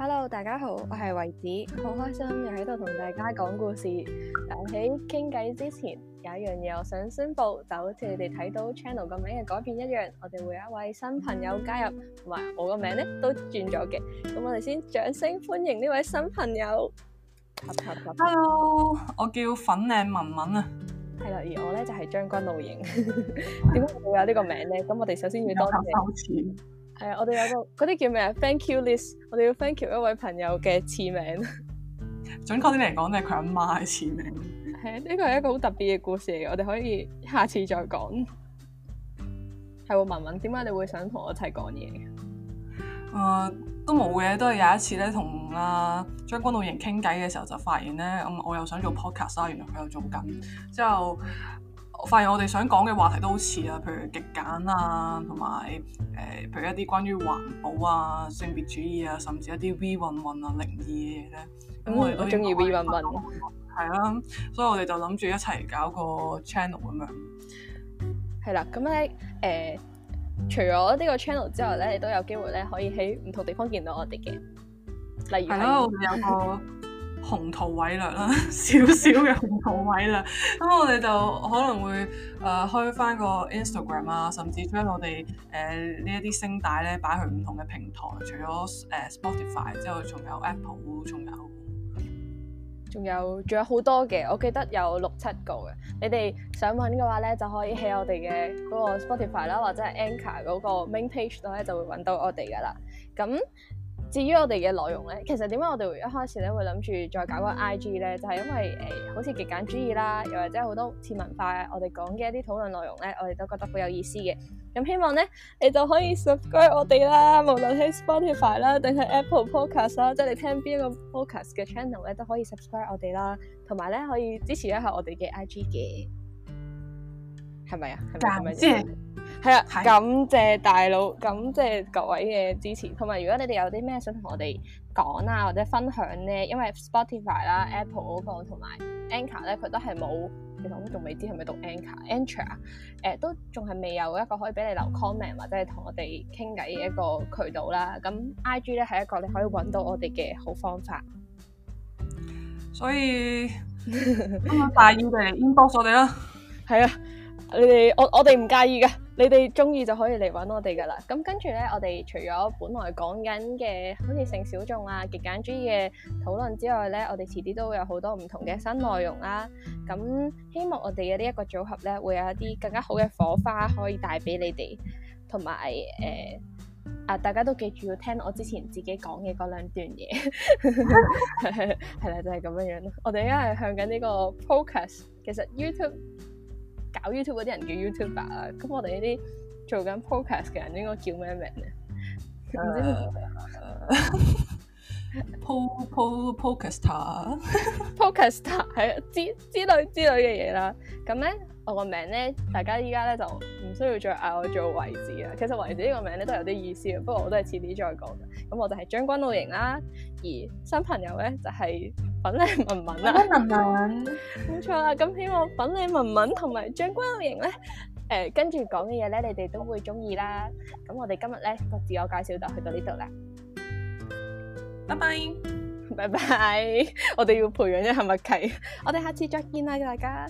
Hello，大家好，我係維子，好開心又喺度同大家講故事。但喺傾偈之前，有一樣嘢我想宣布，就好似你哋睇到 channel 個名嘅改變一樣，我哋會有一位新朋友加入，同埋我個名咧都轉咗嘅。咁我哋先掌聲歡迎呢位新朋友。Hello，我叫粉嶺旻旻啊。係啦，而我咧就係將軍澳瑩。點 解會有呢個名咧？咁我哋首先要多謝。係我哋有個嗰啲叫咩啊？Thank you list，我哋要 thank you 一位朋友嘅賜名。準確啲嚟講，咧佢阿媽嘅賜名。係呢個係一個好特別嘅故事嚟嘅，我哋可以下次再講。係，旻旻點解你會想同我一齊講嘢？誒、呃，都冇嘅，都係有一次咧，同阿將軍澳瑩傾偈嘅時候就發現咧，咁、嗯、我又想做 podcast 啦，原來佢又做緊，之後。我發現我哋想講嘅話題都好似啊，譬如極簡啊，同埋誒，譬如一啲關於環保啊、性別主義啊，甚至一啲 V 運運啊、靈異嘅嘢咧。咁、嗯、我都我中意 V 運運，係啦，所以我哋就諗住一齊搞一個 channel 咁樣。係啦，咁咧誒，除咗呢個 channel 之外咧，你都有機會咧可以喺唔同地方見到我哋嘅。例如係咯，我有個。 紅圖偉略啦，少少嘅紅圖偉略。咁 我哋就可能會誒、呃、開翻個 Instagram 啊，甚至將我哋誒、呃、呢一啲聲帶咧擺去唔同嘅平台，除咗誒、呃、Spotify 之後，仲有 Apple，仲有，仲有仲有好多嘅，我記得有六七個嘅。你哋想揾嘅話咧，就可以喺我哋嘅嗰個 Spotify 啦，或者係 Anchor 嗰個 Main Page 度咧，就會揾到我哋噶啦。咁。至於我哋嘅內容咧，其實點解我哋會一開始咧會諗住再搞個 IG 咧，就係、是、因為誒、呃，好似極簡主義啦，又或者好多次文化我講，我哋講嘅一啲討論內容咧，我哋都覺得好有意思嘅。咁、嗯、希望咧，你就可以 subscribe 我哋啦，無論係 Spotify 啦，定係 Apple Podcast 啦，即係你聽邊一個 Podcast 嘅 channel 咧，都可以 subscribe 我哋啦，同埋咧可以支持一下我哋嘅 IG 嘅，係咪啊？係咪？係咪？先。時 係啊，感謝大佬，感謝各位嘅支持。同埋，如果你哋有啲咩想同我哋講啊，或者分享咧，因為 Spotify 啦、Apple 嗰、那個同埋 Anchor 咧，佢都係冇，其實我都仲未知係咪讀 Anchor An、呃、chor 啊，誒，都仲係未有一個可以俾你留 comment 或者係同我哋傾偈嘅一個渠道啦。咁 IG 咧係一個你可以揾到我哋嘅好方法。所以 今日大要嚟 inbox 我哋啦。係啊，你哋我我哋唔介意噶。你哋中意就可以嚟揾我哋噶啦。咁跟住咧，我哋除咗本來講緊嘅好似性小眾啊、極簡主義嘅討論之外咧，我哋遲啲都會有好多唔同嘅新內容啦。咁希望我哋嘅呢一個組合咧，會有一啲更加好嘅火花可以帶俾你哋。同埋誒啊，大家都記住要聽我之前自己講嘅嗰兩段嘢。係啦，就係咁樣樣咯。我哋而家係向緊呢個 podcast。其實 YouTube。搞 YouTube 嗰啲人叫 YouTuber 啊，咁我哋呢啲做緊 Podcast 嘅人應該叫咩名咧？唔知 Pod Pod Podcaster，Podcaster 係之之類之類嘅嘢啦。咁咧，我個名咧，大家依家咧就唔需要再嗌我做維子啊。其實維子呢個名咧都有啲意思啊，不過我都係遲啲再講。咁我就係將軍澳瑩啦，啊，而新朋友咧就係、是。粉嶺旻旻啊，旻旻，唔錯啊！咁希望粉嶺旻旻同埋將軍澳瑩咧，誒，跟住講嘅嘢咧，你哋都會中意啦。咁我哋今日咧個自我介紹就去到呢度啦。拜拜，拜拜！我哋要培養一下默契，我哋下次再見啦，大家。